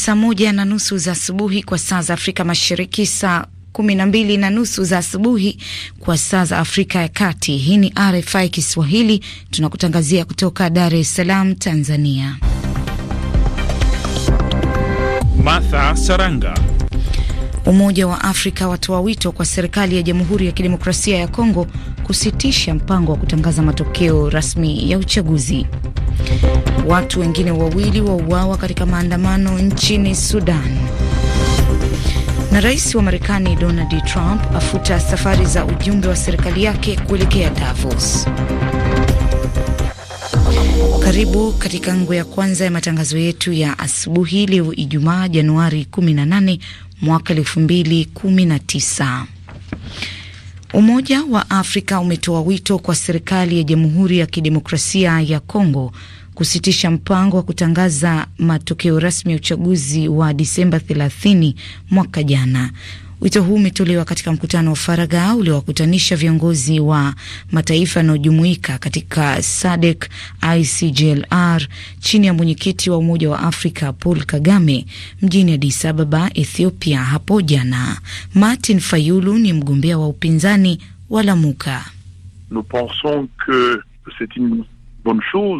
saa moja na nusu za asubuhi kwa saa za Afrika Mashariki, saa kumi na mbili na nusu za asubuhi kwa saa za Afrika ya Kati. Hii ni RFI Kiswahili, tunakutangazia kutoka Dar es Salaam, Tanzania. Martha Saranga. Umoja wa Afrika watoa wito kwa serikali ya Jamhuri ya Kidemokrasia ya Kongo kusitisha mpango wa kutangaza matokeo rasmi ya uchaguzi. Watu wengine wawili wauawa katika maandamano nchini Sudan. Na rais wa Marekani Donald Trump afuta safari za ujumbe wa serikali yake kuelekea Davos. Karibu katika ngo ya kwanza ya matangazo yetu ya asubuhi leo Ijumaa Januari 18 mwaka 2019. Umoja wa Afrika umetoa wito kwa serikali ya Jamhuri ya Kidemokrasia ya Kongo kusitisha mpango wa kutangaza matokeo rasmi ya uchaguzi wa Disemba 30 mwaka jana. Wito huu umetolewa katika mkutano wa faragha uliowakutanisha viongozi wa mataifa yanayojumuika katika SADC ICGLR chini ya mwenyekiti wa Umoja wa Afrika Paul Kagame mjini Addis Ababa, Ethiopia hapo jana. Martin Fayulu ni mgombea wa upinzani wa Lamuka. Nous pensons que c'est une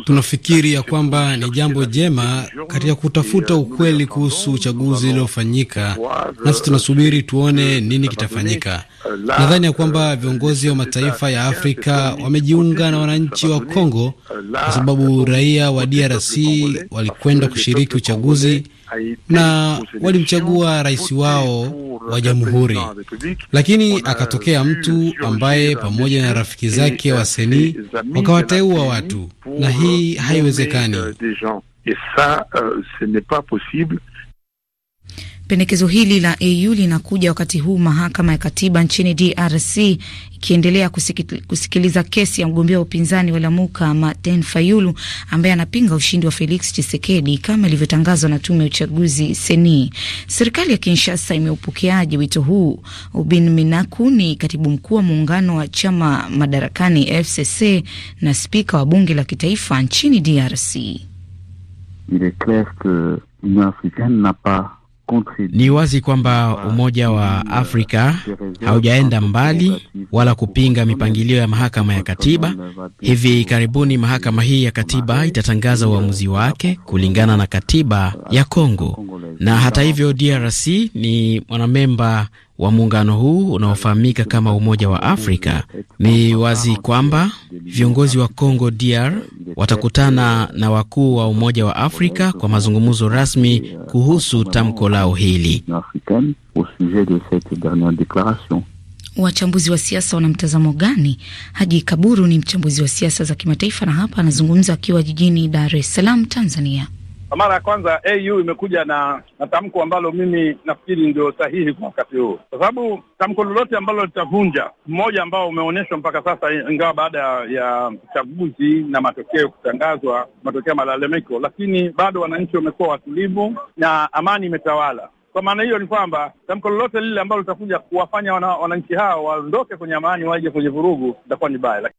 Tunafikiri ya kwamba ni jambo jema katika kutafuta euh, ukweli kuhusu uchaguzi uliofanyika, nasi tunasubiri tuone nini kitafanyika. Euh, Nadhani ya kwamba euh, viongozi wa mataifa ya Afrika wamejiunga na wananchi wa Kongo, kwa sababu raia wa DRC walikwenda kushiriki uchaguzi na walimchagua rais wao wa jamhuri, lakini akatokea mtu ambaye pamoja na rafiki zake seni wakawateua watu, na hii haiwezekani. Euh, Pendekezo hili la AU linakuja wakati huu mahakama ya katiba nchini DRC ikiendelea kusikiliza kesi ya mgombea wa upinzani wa Lamuka Martin Fayulu ambaye anapinga ushindi wa Felix chisekedi kama ilivyotangazwa na tume ya uchaguzi seni Serikali ya Kinshasa imeupokeaje wito huu? Ubin Minaku ni katibu mkuu wa muungano wa chama madarakani FCC na spika wa bunge la kitaifa nchini DRC. Il est clair que africaine n'a pas ni wazi kwamba Umoja wa uh, Afrika haujaenda mbali wala kupinga mipangilio ya mahakama ya katiba. Hivi karibuni mahakama hii ya katiba itatangaza uamuzi wake kulingana na katiba ya uh, Kongo, na hata hivyo DRC ni mwanamemba wa muungano huu unaofahamika kama Umoja wa Afrika, ni wazi kwamba viongozi wa Congo DR watakutana na wakuu wa Umoja wa Afrika kwa mazungumzo rasmi kuhusu tamko lao hili. Wachambuzi wa siasa wana mtazamo gani? Haji Kaburu ni mchambuzi wa siasa za kimataifa na hapa anazungumza akiwa jijini Dar es Salaam, Tanzania. Kwa mara ya kwanza AU imekuja na, na tamko ambalo mimi nafikiri ndio sahihi kwa wakati huu, kwa sababu tamko lolote ambalo litavunja mmoja ambao umeonyeshwa mpaka sasa, ingawa baada ya uchaguzi na matokeo kutangazwa, matokeo ya malalamiko, lakini bado wananchi wamekuwa watulivu na amani imetawala. Kwa maana hiyo ni kwamba tamko lolote lile ambalo litakuja kuwafanya wananchi hao waondoke kwenye amani, waje kwenye vurugu, itakuwa ni baya.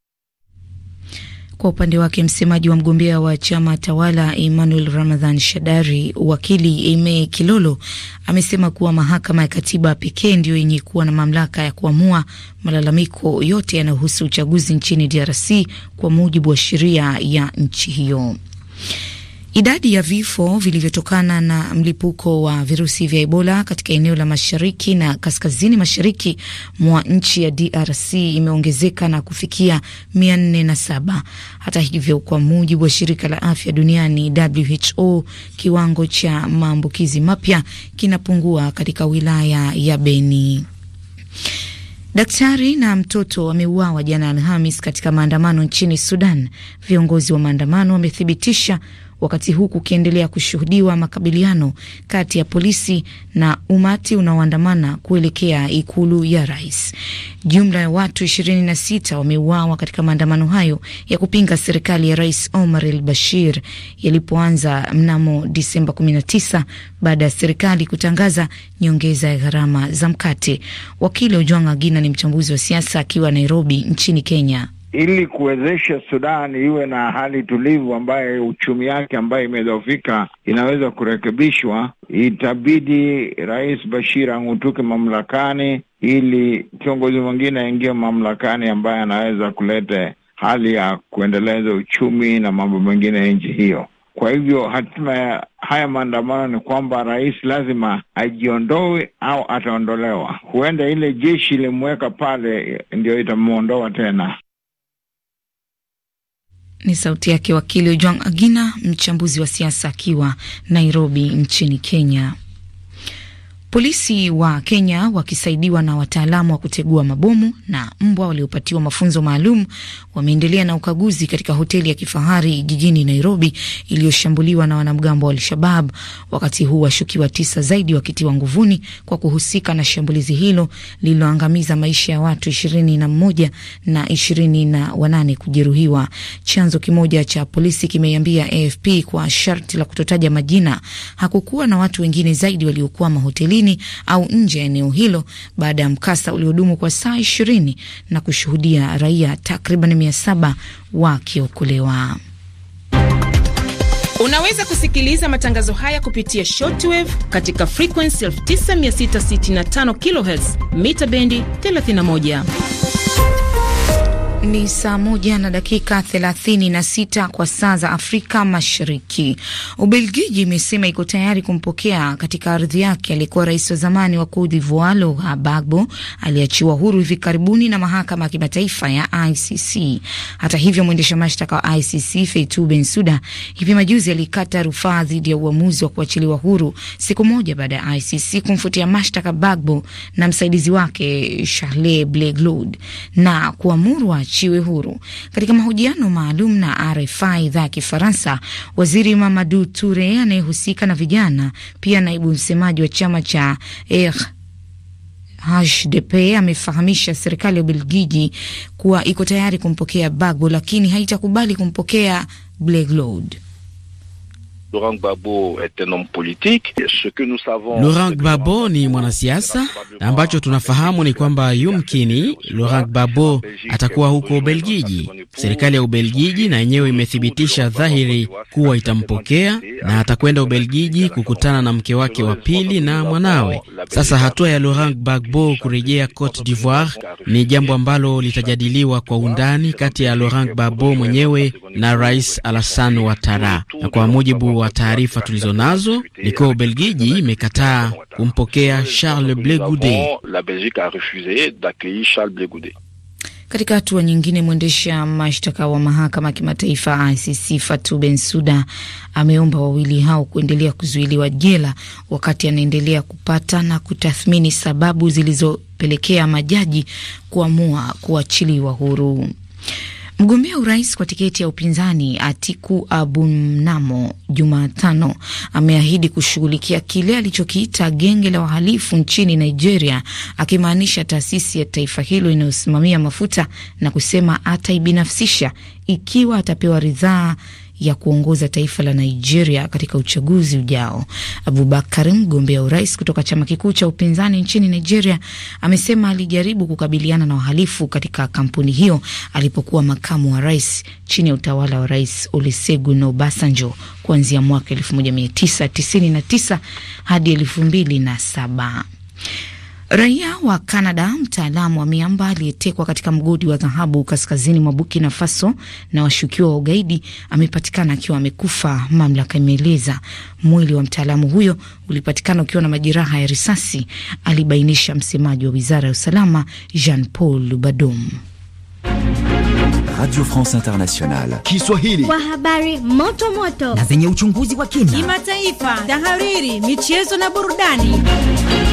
Kwa upande wake msemaji wa mgombea wa chama tawala Emmanuel Ramadhan Shadari, wakili me Kilolo amesema kuwa mahakama ya katiba pekee ndiyo yenye kuwa na mamlaka ya kuamua malalamiko yote yanayohusu uchaguzi nchini DRC kwa mujibu wa sheria ya nchi hiyo. Idadi ya vifo vilivyotokana na mlipuko wa virusi vya Ebola katika eneo la mashariki na kaskazini mashariki mwa nchi ya DRC imeongezeka na kufikia 407. Hata hivyo, kwa mujibu wa shirika la afya duniani WHO, kiwango cha maambukizi mapya kinapungua katika wilaya ya Beni. Daktari na mtoto wameuawa jana Alhamis katika maandamano nchini Sudan. Viongozi wa maandamano wamethibitisha wakati huu kukiendelea kushuhudiwa makabiliano kati ya polisi na umati unaoandamana kuelekea ikulu ya rais. Jumla ya watu 26 wameuawa katika maandamano hayo ya kupinga serikali ya Rais Omar al Bashir yalipoanza mnamo Disemba 19 baada ya serikali kutangaza nyongeza ya gharama za mkate. Wakili Ojwang Agina ni mchambuzi wa siasa akiwa Nairobi nchini Kenya ili kuwezesha Sudani iwe na hali tulivu ambayo uchumi yake ambaye imedhoofika inaweza kurekebishwa, itabidi Rais Bashir ang'utuke mamlakani ili kiongozi mwingine aingie mamlakani ambaye anaweza kuleta hali ya kuendeleza uchumi na mambo mengine ya nchi hiyo. Kwa hivyo hatima ya haya maandamano ni kwamba rais lazima ajiondoe au ataondolewa. Huenda ile jeshi ilimweka pale ndio itamwondoa tena. Ni sauti yake wakili Ojwang Agina, mchambuzi wa siasa akiwa Nairobi nchini Kenya. Polisi wa Kenya wakisaidiwa na wataalamu wa kutegua mabomu na mbwa waliopatiwa mafunzo maalum wameendelea na ukaguzi katika hoteli ya kifahari jijini Nairobi iliyoshambuliwa na wanamgambo wa Al-Shabab, wakati huu washukiwa tisa zaidi wakitiwa nguvuni kwa kuhusika na shambulizi hilo lililoangamiza maisha ya watu ishirini na mmoja na ishirini na wanane kujeruhiwa. Chanzo kimoja cha polisi kimeiambia AFP kwa sharti la kutotaja majina hakukuwa na watu wengine zaidi waliokwama hoteli kaskazini au nje ya eneo hilo baada ya mkasa uliodumu kwa saa ishirini na kushuhudia raia takriban mia saba wakiokolewa. Unaweza kusikiliza matangazo haya kupitia shortwave katika frequency 9665 kHz mita bendi 31. Ni saa moja na dakika thelathini na sita kwa saa za Afrika Mashariki. Ubelgiji imesema iko tayari kumpokea katika ardhi yake aliyekuwa rais wa zamani wa Cote d'Ivoire Laurent Gbagbo aliachiwa huru hivi karibuni na mahakama ya kimataifa ya ICC. Hata hivyo, mwendesha mashtaka wa ICC Fatou Bensouda hivi majuzi alikata rufaa dhidi ya uamuzi wa kuachiliwa huru siku moja baada ya ICC kumfutia mashtaka Gbagbo na msaidizi wake Charles Ble Gloude na kuamuru uachiwe huru. Katika mahojiano maalum na RFI idhaa ya Kifaransa, waziri Mamadou Ture anayehusika na vijana, pia naibu msemaji wa chama cha rhdp HDP amefahamisha serikali ya Ubelgiji kuwa iko tayari kumpokea Bagbo, lakini haitakubali kumpokea blackload Laurent Gbagbo est un homme politique. Ce que nous savons, Laurent Gbagbo ni mwanasiasa, ambacho tunafahamu ni kwamba yumkini Laurent Gbagbo atakuwa huko Ubelgiji Serikali ya Ubelgiji na yenyewe imethibitisha dhahiri kuwa itampokea na atakwenda Ubelgiji kukutana na mke wake wa pili na mwanawe. Sasa hatua ya Laurent Gbagbo kurejea Cote d'Ivoire ni jambo ambalo litajadiliwa kwa undani kati ya Laurent Gbagbo mwenyewe na Rais Alassane Ouattara, na kwa mujibu wa taarifa tulizo nazo ni kuwa Ubelgiji imekataa kumpokea Charles Ble Goude. Katika hatua nyingine, mwendesha mashtaka wa mahakama ya kimataifa ICC Fatou Bensouda ameomba wawili hao kuendelea kuzuiliwa jela wakati anaendelea kupata na kutathmini sababu zilizopelekea majaji kuamua kuachiliwa huru. Mgombea urais kwa tiketi ya upinzani Atiku Abumnamo Jumatano ameahidi kushughulikia kile alichokiita genge la wahalifu nchini Nigeria, akimaanisha taasisi ya taifa hilo inayosimamia mafuta na kusema ataibinafsisha ikiwa atapewa ridhaa ya kuongoza taifa la Nigeria katika uchaguzi ujao. Abubakar, mgombea urais kutoka chama kikuu cha upinzani nchini Nigeria, amesema alijaribu kukabiliana na wahalifu katika kampuni hiyo alipokuwa makamu wa rais chini ya utawala wa Rais Olusegun Obasanjo kuanzia mwaka 1999 hadi 2007. Raia wa Canada, mtaalamu wa miamba aliyetekwa katika mgodi wa dhahabu kaskazini mwa Burkina Faso na washukiwa wa ugaidi amepatikana akiwa amekufa, mamlaka imeeleza. Mwili wa mtaalamu huyo ulipatikana ukiwa na majeraha ya risasi, alibainisha msemaji wa wizara ya usalama Jean Paul Badom. Radio France Internationale Kiswahili, kwa habari moto moto na zenye uchunguzi wa kina, kimataifa, tahariri, michezo na burudani.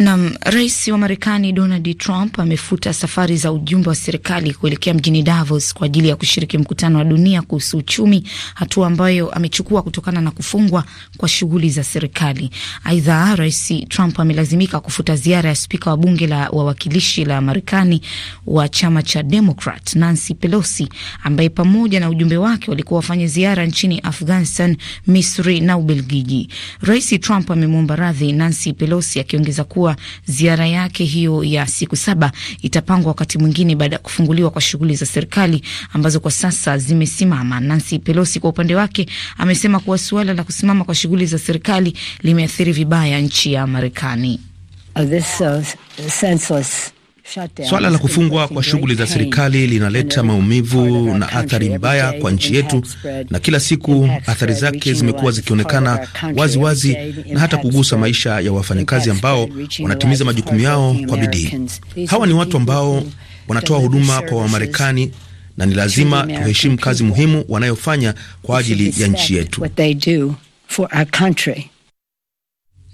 Nam, rais wa Marekani Donald Trump amefuta safari za ujumbe wa serikali kuelekea mjini Davos kwa ajili ya kushiriki mkutano wa dunia kuhusu uchumi, hatua ambayo amechukua kutokana na kufungwa kwa shughuli za serikali. Aidha, rais Trump amelazimika kufuta ziara ya spika wa bunge la wawakilishi la Marekani wa chama cha demokrat Nancy Pelosi, ambaye pamoja na ujumbe wake walikuwa wafanye ziara nchini Afghanistan, Misri na Ubelgiji. Rais Trump amemwomba radhi Nancy Pelosi akiongeza kuwa kuwa ziara yake hiyo ya siku saba itapangwa wakati mwingine baada ya kufunguliwa kwa shughuli za serikali ambazo kwa sasa zimesimama. Nancy Pelosi kwa upande wake amesema kuwa suala la kusimama kwa shughuli za serikali limeathiri vibaya nchi ya Marekani. Swala la kufungwa kwa shughuli za serikali linaleta maumivu na athari mbaya kwa nchi yetu, na kila siku athari zake zimekuwa zikionekana wazi wazi na hata kugusa maisha ya wafanyakazi ambao wanatimiza majukumu yao kwa bidii. Hawa ni watu ambao wanatoa huduma kwa Wamarekani na ni lazima tuheshimu kazi muhimu wanayofanya kwa ajili ya nchi yetu.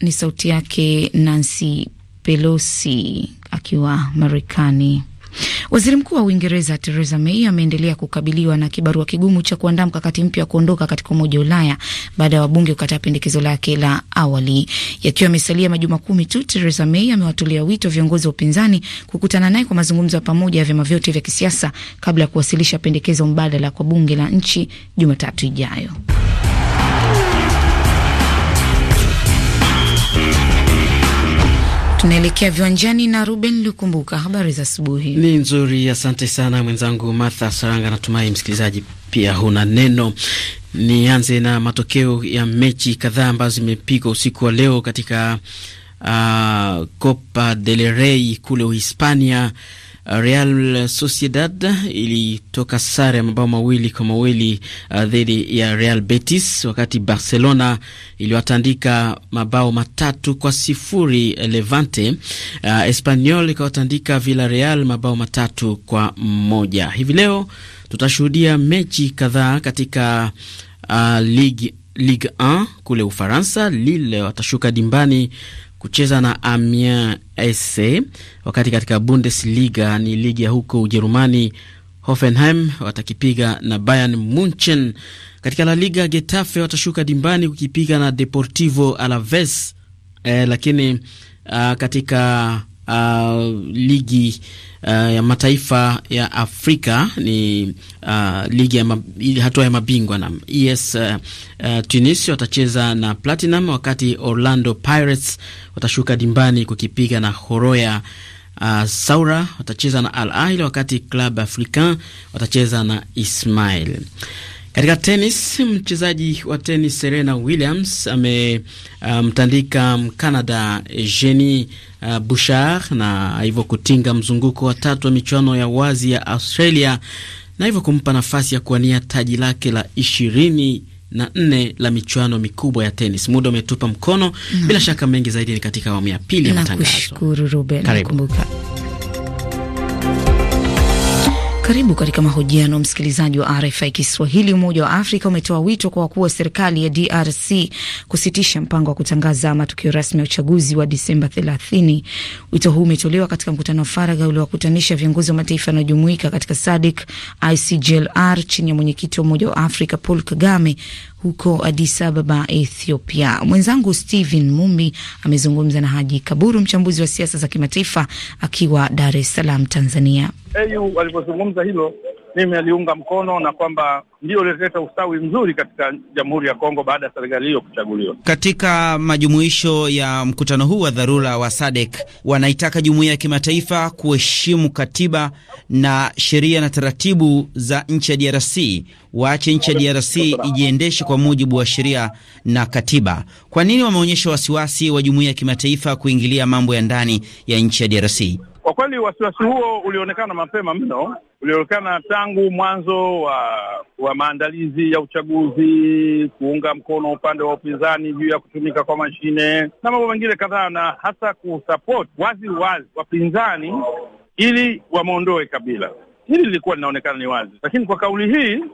Ni sauti yake Nancy Pelosi akiwa Marekani. Waziri Mkuu wa Uingereza Theresa May ameendelea kukabiliwa na kibarua kigumu cha kuandaa mkakati mpya wa kuondoka katika Umoja wa Ulaya baada ya wabunge kukataa pendekezo lake la awali. Yakiwa amesalia majuma kumi tu, Theresa May amewatolea wito viongozi wa upinzani kukutana naye kwa mazungumzo ya pamoja ya vyama vyote vya kisiasa kabla ya kuwasilisha pendekezo mbadala kwa bunge la nchi Jumatatu ijayo. Tunaelekea viwanjani na Ruben Lukumbuka. Habari za asubuhi. Ni nzuri, asante sana mwenzangu Martha Saranga. Natumai msikilizaji pia huna neno. Nianze na matokeo ya mechi kadhaa ambazo zimepigwa usiku wa leo katika uh, Copa del Rey kule Uhispania. Real Sociedad ilitoka sare ya mabao mawili kwa mawili uh, dhidi ya Real Betis, wakati Barcelona iliwatandika mabao matatu kwa sifuri Levante. Uh, Espanyol ikawatandika Villarreal mabao matatu kwa moja Hivi leo tutashuhudia mechi kadhaa katika uh, Ligue 1 kule Ufaransa. Lille watashuka dimbani kucheza na Amiens SC, wakati katika Bundesliga ni ligi ya huko Ujerumani, Hoffenheim watakipiga na Bayern Munchen. Katika La Liga, Getafe watashuka dimbani kukipiga na Deportivo Alaves. Eh, lakini uh, katika uh, ligi uh, ya mataifa ya Afrika ni uh, ligi ya hatua ya mabingwa na ES uh, uh, Tunisia watacheza na Platinum, wakati Orlando Pirates watashuka dimbani kukipiga na Horoya Uh, Saura watacheza na Al Ahly wakati Club Africain watacheza na Ismail. Katika tenis, mchezaji wa tenis Serena Williams amemtandika uh, um, Mkanada Jenny uh, Bouchard na hivyo kutinga mzunguko wa tatu wa michuano ya wazi ya Australia na hivyo kumpa nafasi ya kuwania taji lake la ishirini na nne la michuano mikubwa ya tenis. Muda umetupa mkono mm. bila shaka mengi zaidi ni katika awamu ya pili ya matangazo. Nakushukuru Ruben, nakumbuka karibu katika mahojiano, msikilizaji wa RFI Kiswahili. Umoja wa Afrika umetoa wito kwa wakuu wa serikali ya DRC kusitisha mpango wa kutangaza matukio rasmi ya uchaguzi wa Disemba 30. Wito huu umetolewa katika mkutano wa faragha uliowakutanisha viongozi wa mataifa yanayojumuika katika SADC ICGLR chini ya mwenyekiti wa Umoja wa Afrika Paul Kagame, huko Addis Ababa, Ethiopia. Mwenzangu Steven Mumbi amezungumza na Haji Kaburu, mchambuzi wa siasa za kimataifa, akiwa Dar es Salaam, Tanzania. Eyu alivyozungumza hilo mimi aliunga mkono na kwamba ndio ilileta ustawi mzuri katika Jamhuri ya Kongo baada ya serikali hiyo kuchaguliwa. Katika majumuisho ya mkutano huu wa dharura wa SADC, wanaitaka jumuiya ya kimataifa kuheshimu katiba na sheria na taratibu za nchi ya DRC, waache nchi ya DRC ijiendeshe kwa mujibu wa sheria na katiba. Kwa nini wameonyesha wasiwasi wa jumuiya ya kimataifa kuingilia mambo ya ndani ya nchi ya DRC? Kwa kweli wasiwasi huo ulionekana mapema mno, ulionekana tangu mwanzo wa wa maandalizi ya uchaguzi, kuunga mkono upande wa upinzani juu ya kutumika kwa mashine na mambo mengine kadhaa, na hasa kusupport wazi wazi wapinzani ili wameondoe Kabila. Hili lilikuwa linaonekana ni wazi, lakini kwa kauli hii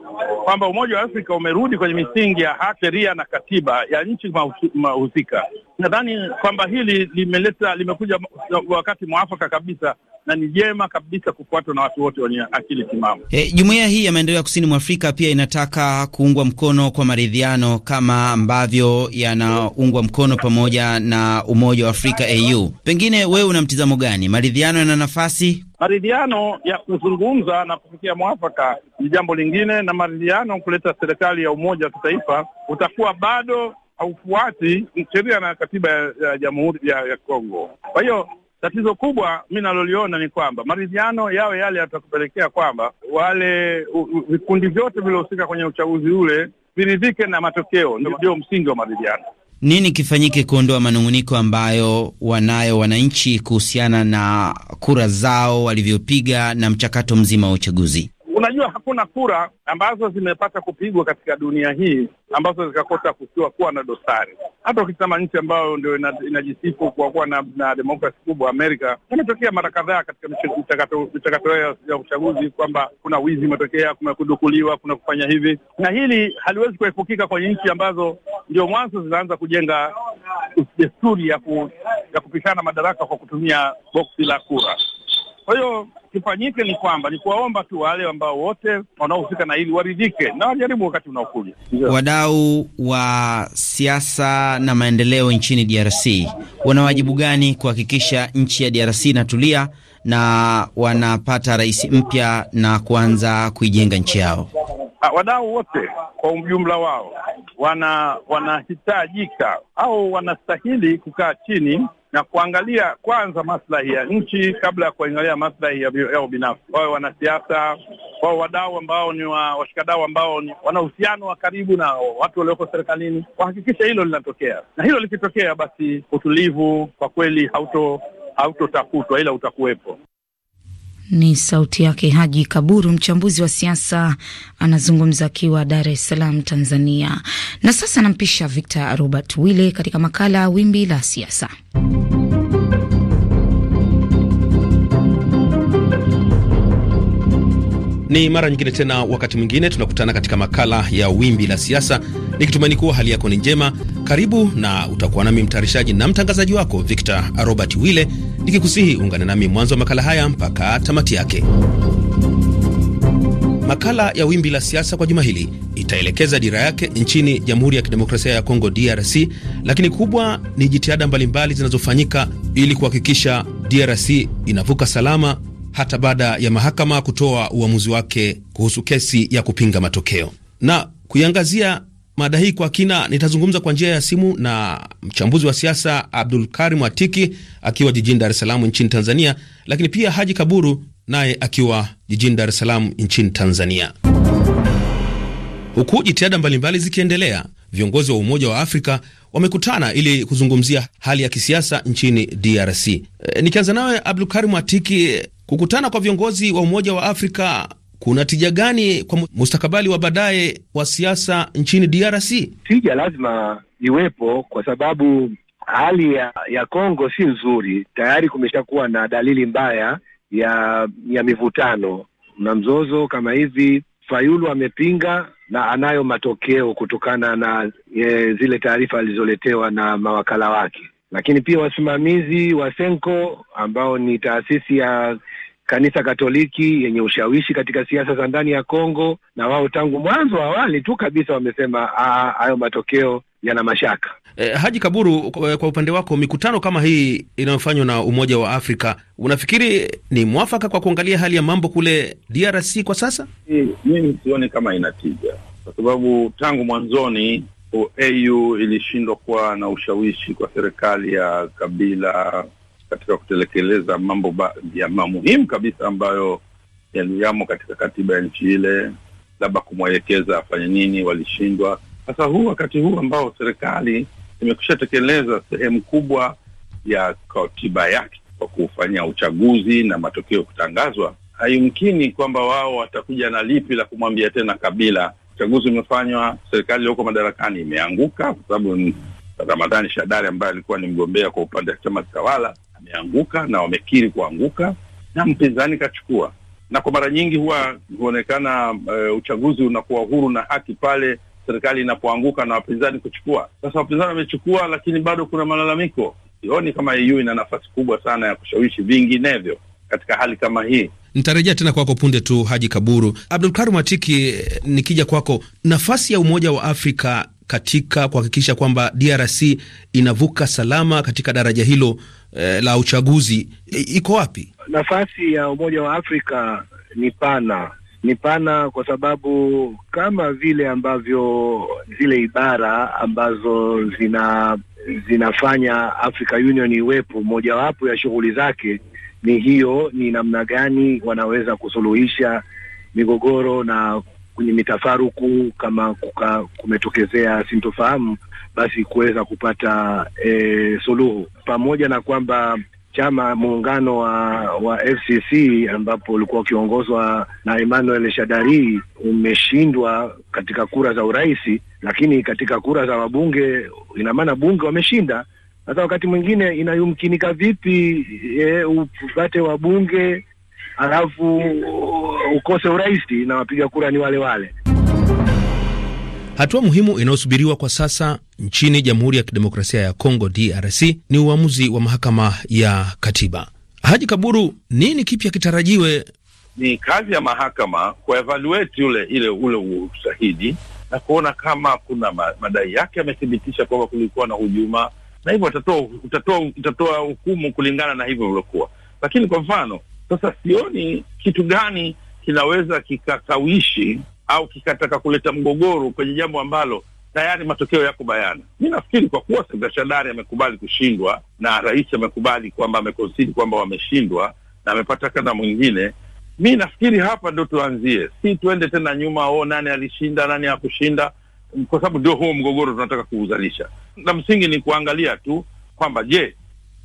kwamba Umoja wa Afrika umerudi kwenye misingi ya haki, sheria na katiba ya nchi mahusika, Nadhani kwamba hili limeleta limekuja wakati mwafaka kabisa na ni jema kabisa kufuatwa na watu wote wenye akili timamu. E, jumuiya hii ya maendeleo ya kusini mwa Afrika pia inataka kuungwa mkono kwa maridhiano kama ambavyo yanaungwa mkono pamoja na Umoja wa Afrika AU. Pengine wewe una mtizamo gani? Maridhiano yana nafasi? Maridhiano ya kuzungumza na kufikia mwafaka ni jambo lingine, na maridhiano kuleta serikali ya umoja wa kitaifa utakuwa bado haufuati sheria na katiba ya Jamhuri ya, ya Kongo. Kwa hiyo tatizo kubwa mi naloliona ni kwamba maridhiano yawe yale yatakupelekea kwamba wale vikundi vyote viliohusika kwenye uchaguzi ule viridhike na matokeo, ndio msingi wa maridhiano. Nini kifanyike kuondoa manung'uniko ambayo wanayo wananchi kuhusiana na kura zao walivyopiga na mchakato mzima wa uchaguzi? Unajua, hakuna kura ambazo zimepata kupigwa katika dunia hii ambazo zikakosa kusiwa kuwa na dosari. Hata ukitazama nchi ambayo ndio inajisifu kwa kuwa na, na demokrasi kubwa, Amerika, imetokea mara kadhaa katika michakato ya, ya uchaguzi kwamba kuna wizi umetokea, kuna kudukuliwa, kuna kufanya hivi, na hili haliwezi kuepukika kwenye nchi ambazo ndio mwanzo zinaanza kujenga desturi ya, ku, ya kupishana madaraka kwa kutumia boksi la kura. Kwa hiyo kifanyike ni kwamba ni kuwaomba tu wale ambao wote wanaohusika na hili waridhike na wajaribu wakati unaokuja. Wadau wa siasa na maendeleo nchini DRC wana wajibu gani kuhakikisha nchi ya DRC inatulia na wanapata rais mpya na kuanza kuijenga nchi yao? Ah, wadau wote kwa ujumla wao wanahitajika wana au wanastahili kukaa chini na kuangalia kwanza maslahi ya nchi kabla ya kuangalia maslahi yao binafsi, wawe wanasiasa, wao wadau ambao ni wa, washikadau ambao ni wana uhusiano wa karibu na watu walioko serikalini, wahakikisha hilo linatokea, na hilo likitokea, basi utulivu kwa kweli hauto hautotafutwa ila utakuwepo. Ni sauti yake Haji Kaburu, mchambuzi wa siasa, anazungumza akiwa Dar es Salaam, Tanzania. Na sasa nampisha Victor Robert Wille katika makala Wimbi la Siasa. Ni mara nyingine tena, wakati mwingine tunakutana katika makala ya Wimbi la Siasa, nikitumaini kuwa hali yako ni njema. Karibu na utakuwa nami mtayarishaji na mtangazaji wako Victor Robert Wille, nikikusihi uungane nami mwanzo wa makala haya mpaka tamati yake. Makala ya Wimbi la Siasa kwa juma hili itaelekeza dira yake nchini Jamhuri ya Kidemokrasia ya Kongo, DRC, lakini kubwa ni jitihada mbalimbali zinazofanyika ili kuhakikisha DRC inavuka salama hata baada ya mahakama kutoa uamuzi wake kuhusu kesi ya kupinga matokeo. Na kuiangazia mada hii kwa kina, nitazungumza kwa njia ya simu na mchambuzi wa siasa Abdul Karim Atiki akiwa jijini Dar es Salaam nchini Tanzania, lakini pia Haji Kaburu naye akiwa jijini Dar es Salaam nchini Tanzania. Huku jitihada mbalimbali zikiendelea, viongozi wa Umoja wa Afrika wamekutana ili kuzungumzia hali ya kisiasa nchini DRC. E, nikianza nawe Abdulkarim Atiki, Kukutana kwa viongozi wa Umoja wa Afrika kuna tija gani kwa mustakabali wa baadaye wa siasa nchini DRC? Tija lazima iwepo kwa sababu hali ya, ya Kongo si nzuri. Tayari kumeshakuwa na dalili mbaya ya ya mivutano na mzozo kama hivi. Fayulu amepinga na anayo matokeo kutokana na e, zile taarifa alizoletewa na mawakala wake, lakini pia wasimamizi wa Senko ambao ni taasisi ya kanisa Katoliki yenye ushawishi katika siasa za ndani ya Kongo, na wao tangu mwanzo awali tu kabisa wamesema ah, ah, hayo matokeo yana mashaka. E, Haji Kaburu, kwa upande wako, mikutano kama hii inayofanywa na Umoja wa Afrika unafikiri ni mwafaka kwa kuangalia hali ya mambo kule DRC kwa sasa? Mimi sioni kama inatija, kwa sababu tangu mwanzoni AU ilishindwa kuwa na ushawishi kwa serikali ya Kabila katika kutelekeleza mambo ya muhimu kabisa ambayo yamo katika katiba ya nchi ile, labda kumwelekeza afanye nini, walishindwa. Sasa huu wakati huu ambao serikali imekusha tekeleza sehemu kubwa ya katiba yake kwa kufanya uchaguzi na matokeo kutangazwa, haimkini kwamba wao watakuja na lipi la kumwambia tena Kabila. Uchaguzi umefanywa, serikali iliyoko madarakani imeanguka, kwa sababu Ramadhani Shadari ambaye alikuwa ni mgombea kwa upande wa chama tawala ameanguka na wamekiri kuanguka na mpinzani kachukua, na kwa mara nyingi huwa huonekana uh, uchaguzi unakuwa huru na haki pale serikali inapoanguka na wapinzani kuchukua. Sasa wapinzani wamechukua, lakini bado kuna malalamiko. Sioni kama EU ina nafasi kubwa sana ya kushawishi vinginevyo katika hali kama hii. Nitarejea tena kwako punde tu, Haji Kaburu. Abdulkarim Atiki, eh, nikija kwako, nafasi ya Umoja wa Afrika katika kuhakikisha kwamba DRC inavuka salama katika daraja hilo eh, la uchaguzi iko wapi? Nafasi ya Umoja wa Afrika ni pana ni pana kwa sababu kama vile ambavyo zile ibara ambazo zina zinafanya Africa Union iwepo, mojawapo ya shughuli zake ni hiyo, ni namna gani wanaweza kusuluhisha migogoro na kwenye mitafaruku, kama kuka, kumetokezea sintofahamu, basi kuweza kupata e, suluhu, pamoja na kwamba chama muungano wa wa FCC ambapo ulikuwa ukiongozwa na Emmanuel Shadari umeshindwa katika kura za urais, lakini katika kura za wabunge, ina maana bunge wameshinda. Sasa wakati mwingine inayumkinika vipi e, upate wabunge alafu uh, ukose urais na wapiga kura ni wale wale. Hatua muhimu inayosubiriwa kwa sasa nchini Jamhuri ya Kidemokrasia ya Kongo DRC ni uamuzi wa mahakama ya katiba. Haji Kaburu, nini kipya kitarajiwe? Ni kazi ya mahakama kuevaluate ule ile ule ushahidi na kuona kama kuna madai yake yamethibitisha kwamba kulikuwa na hujuma, na hivyo utatoa hukumu kulingana na hivyo vilivyokuwa. Lakini kwa mfano sasa sioni kitu gani kinaweza kikakawishi au kikataka kuleta mgogoro kwenye jambo ambalo tayari matokeo yako bayana. Mi nafikiri kwa kuwa Shadari amekubali kushindwa na rais amekubali kwamba amekonsidi kwamba wameshindwa na amepata kada mwingine, mi nafikiri hapa ndo tuanzie, si tuende tena nyuma, o oh, nani alishinda nani hakushinda, kwa sababu ndio huo mgogoro tunataka kuuzalisha. La msingi ni kuangalia tu kwamba je,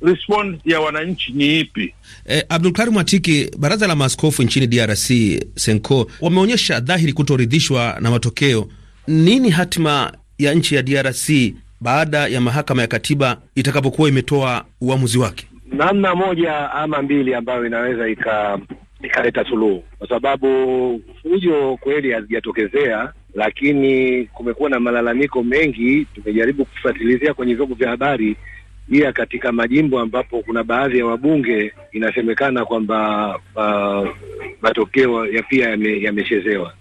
response ya wananchi ni ipi? Eh, Abdulkarim Mwatiki, baraza la maaskofu nchini DRC Senko wameonyesha dhahiri kutoridhishwa na matokeo. Nini hatima ya nchi ya DRC baada ya mahakama ya katiba itakapokuwa imetoa uamuzi wake? Namna moja ama mbili ambayo inaweza ika ikaleta suluhu, kwa sababu fujo kweli hazijatokezea, lakini kumekuwa na malalamiko mengi. Tumejaribu kufuatilizia kwenye vyombo vya habari pia katika majimbo ambapo kuna baadhi ya wabunge inasemekana kwamba uh, matokeo ya pia yamechezewa.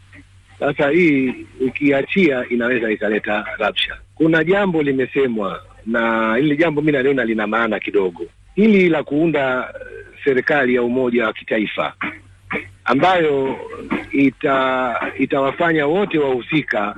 Sasa hii ikiachia inaweza ikaleta rabsha. Kuna jambo limesemwa, na hili jambo mi naliona lina maana kidogo, hili la kuunda uh, serikali ya umoja wa kitaifa ambayo ita, itawafanya wote wahusika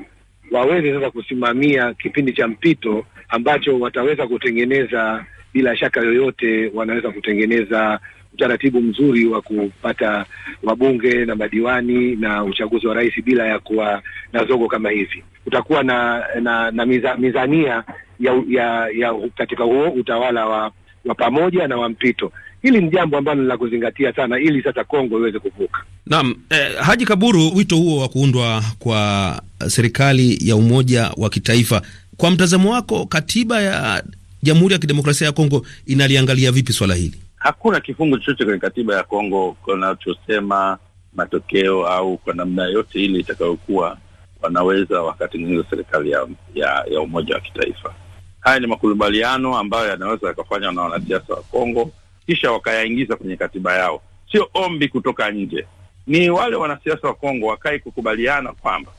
waweze sasa kusimamia kipindi cha mpito ambacho wataweza kutengeneza bila shaka yoyote, wanaweza kutengeneza utaratibu mzuri wa kupata wabunge na madiwani na uchaguzi wa rais bila ya kuwa na zogo kama hivi. Kutakuwa na na, na miza, mizania ya, ya, ya katika huo utawala wa, wa pamoja na wa mpito. Hili ni jambo ambalo ni la kuzingatia sana, ili sasa Kongo iweze kuvuka. Naam, eh, Haji Kaburu, wito huo wa kuundwa kwa serikali ya umoja wa kitaifa kwa mtazamo wako, katiba ya Jamhuri ya Kidemokrasia ya Kongo inaliangalia vipi swala hili? Hakuna kifungu chochote kwenye katiba ya Kongo kinachosema matokeo au kwa namna yote ile itakayokuwa wanaweza wakatengeneza serikali ya, ya, ya umoja wa kitaifa. Haya ni makubaliano ambayo yanaweza yakafanywa na wanasiasa wa Kongo kisha wakayaingiza kwenye katiba yao, sio ombi kutoka nje. Ni wale wanasiasa wa Kongo wakae kukubaliana kwamba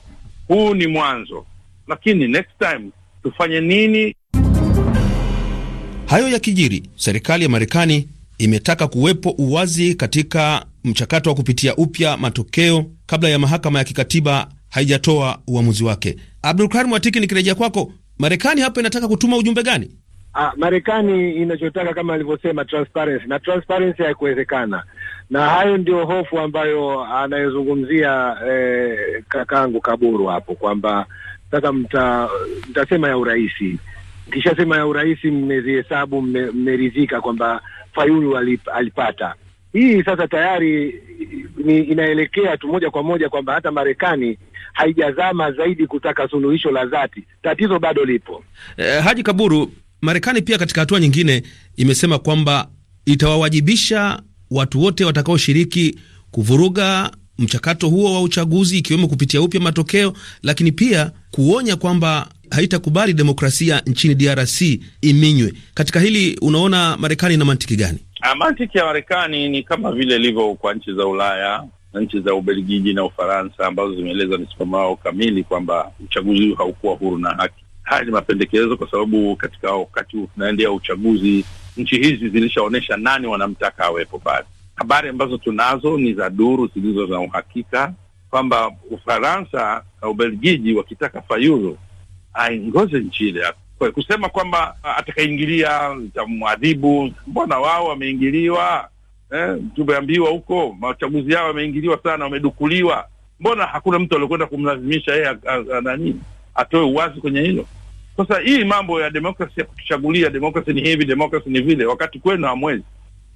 huu ni mwanzo, lakini next time tufanye nini? Hayo ya kijiri serikali ya Marekani imetaka kuwepo uwazi katika mchakato wa kupitia upya matokeo kabla ya mahakama ya kikatiba haijatoa uamuzi wake. Abdulkarim Watiki, nikirejea kwako, Marekani hapa inataka kutuma ujumbe gani? Ah, Marekani inachotaka kama alivyosema transparency, na transparency haikuwezekana, na hayo ndio hofu ambayo anayozungumzia eh, kakangu Kaburu hapo kwamba sasa mta, mtasema ya urahisi. Mkishasema ya urahisi, mmezihesabu, mmeridhika kwamba Fayulu alip, alipata hii. Sasa tayari ni inaelekea tu moja kwa moja kwamba hata Marekani haijazama zaidi kutaka suluhisho la dhati, tatizo bado lipo. Eh, Haji Kaburu, Marekani pia katika hatua nyingine imesema kwamba itawawajibisha watu wote watakaoshiriki kuvuruga mchakato huo wa uchaguzi, ikiwemo kupitia upya matokeo, lakini pia kuonya kwamba haitakubali demokrasia nchini DRC iminywe. Katika hili unaona Marekani ina mantiki gani? Ah, mantiki ya Marekani ni kama vile ilivyo kwa nchi za Ulaya na nchi za Ubelgiji na Ufaransa ambazo zimeeleza msimamo wao kamili kwamba uchaguzi huu haukuwa huru na haki. Haya ni mapendekezo, kwa sababu katika wakati unaendea tunaendea uchaguzi, nchi hizi zilishaonyesha nani wanamtaka awepo Basi habari ambazo tunazo ni za duru zilizo za uhakika kwamba Ufaransa na Ubelgiji wakitaka Fayulu aingoze nchi ile kwa kusema kwamba uh, atakaingilia nitamwadhibu. Mbona wao wameingiliwa eh? Tumeambiwa huko machaguzi yao wameingiliwa sana, wamedukuliwa. Mbona hakuna mtu aliokwenda kumlazimisha yeye nani atoe uwazi kwenye hilo? Sasa hii mambo ya demokrasi ya kutuchagulia, demokrasi ni hivi, demokrasi ni vile, wakati kwenu hamwezi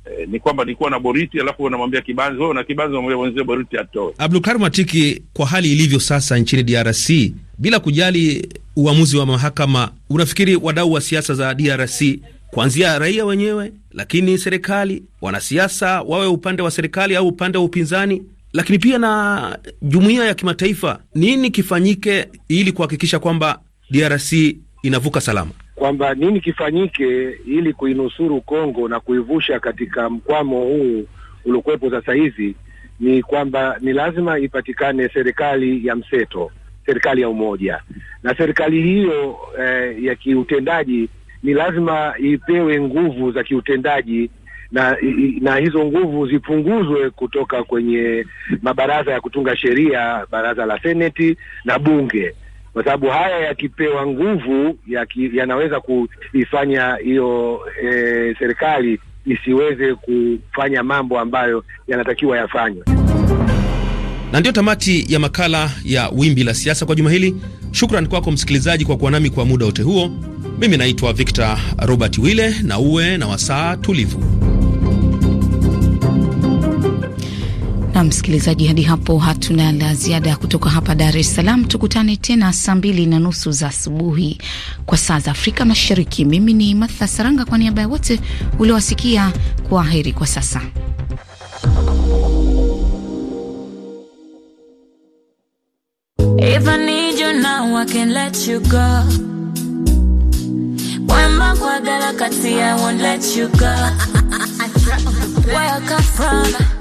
Eh, ni kwamba nilikuwa na boriti alafu namwambia Kibanzi wewe na Kibanzi namwambia mwenzie boriti atoe. Abdulkarim Matiki, kwa hali ilivyo sasa nchini DRC, bila kujali uamuzi wa mahakama, unafikiri wadau wa siasa za DRC kuanzia raia wenyewe, lakini serikali, wanasiasa wawe upande wa serikali au upande wa upinzani, lakini pia na jumuiya ya kimataifa, nini kifanyike ili kuhakikisha kwamba DRC inavuka salama? kwamba nini kifanyike ili kuinusuru Kongo na kuivusha katika mkwamo huu uliokuwepo sasa hivi, ni kwamba ni lazima ipatikane serikali ya mseto, serikali ya umoja, na serikali hiyo eh, ya kiutendaji ni lazima ipewe nguvu za kiutendaji na, na hizo nguvu zipunguzwe kutoka kwenye mabaraza ya kutunga sheria, baraza la seneti na bunge kwa sababu haya yakipewa nguvu yaki, yanaweza kuifanya hiyo e, serikali isiweze kufanya mambo ambayo yanatakiwa yafanywe. Na ndiyo tamati ya makala ya Wimbi la Siasa kwa juma hili. Shukran kwako msikilizaji kwa kuwa nami kwa muda wote huo. Mimi naitwa Victor Robert Wile, na uwe na wasaa tulivu. msikilizaji, hadi hapo hatuna la ziada kutoka hapa Dar es Salaam. Tukutane tena saa mbili na nusu za asubuhi kwa saa za Afrika Mashariki. Mimi ni Martha Saranga, kwa niaba ya wote uliowasikia, kwa heri kwa sasa. I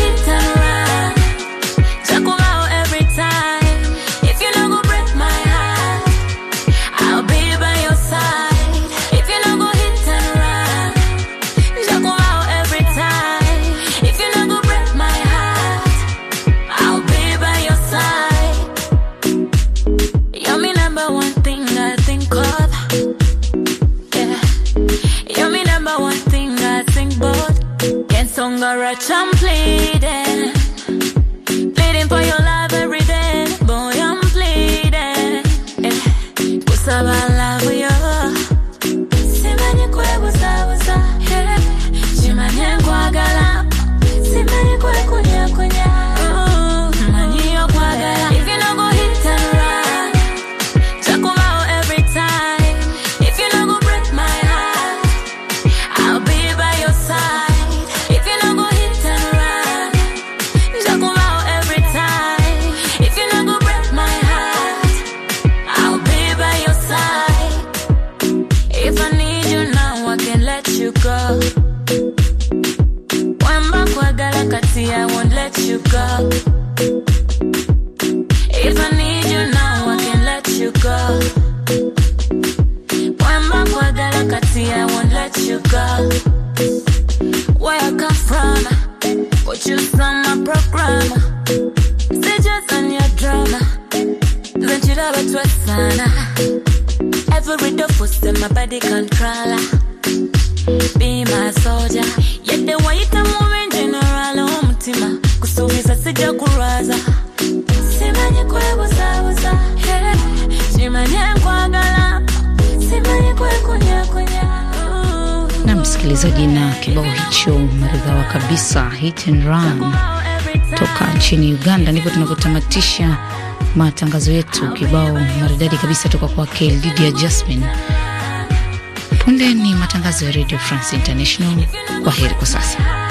cigarette I'm pleading Pleading for your love every day Boy, I'm pleading eh, party, I won't let you go. Where I come from, put you on my program. Sijaz on your drama, zinjira wetwe sana. Every door for my body controller. Be my soldier, yet the white and woman general, umutima. Kusumiza sija kuraza. Simanye kwebuzabuza, hey. Simanye kwagala, simanye kwekunyako msikilizaji, na kibao hicho maridhawa kabisa, hit and run toka nchini Uganda. ndipo tunavyotamatisha matangazo yetu. Kibao maridadi kabisa toka kwake Lydia Jasmine. Punde ni matangazo ya Radio France International. Kwa heri kwa sasa.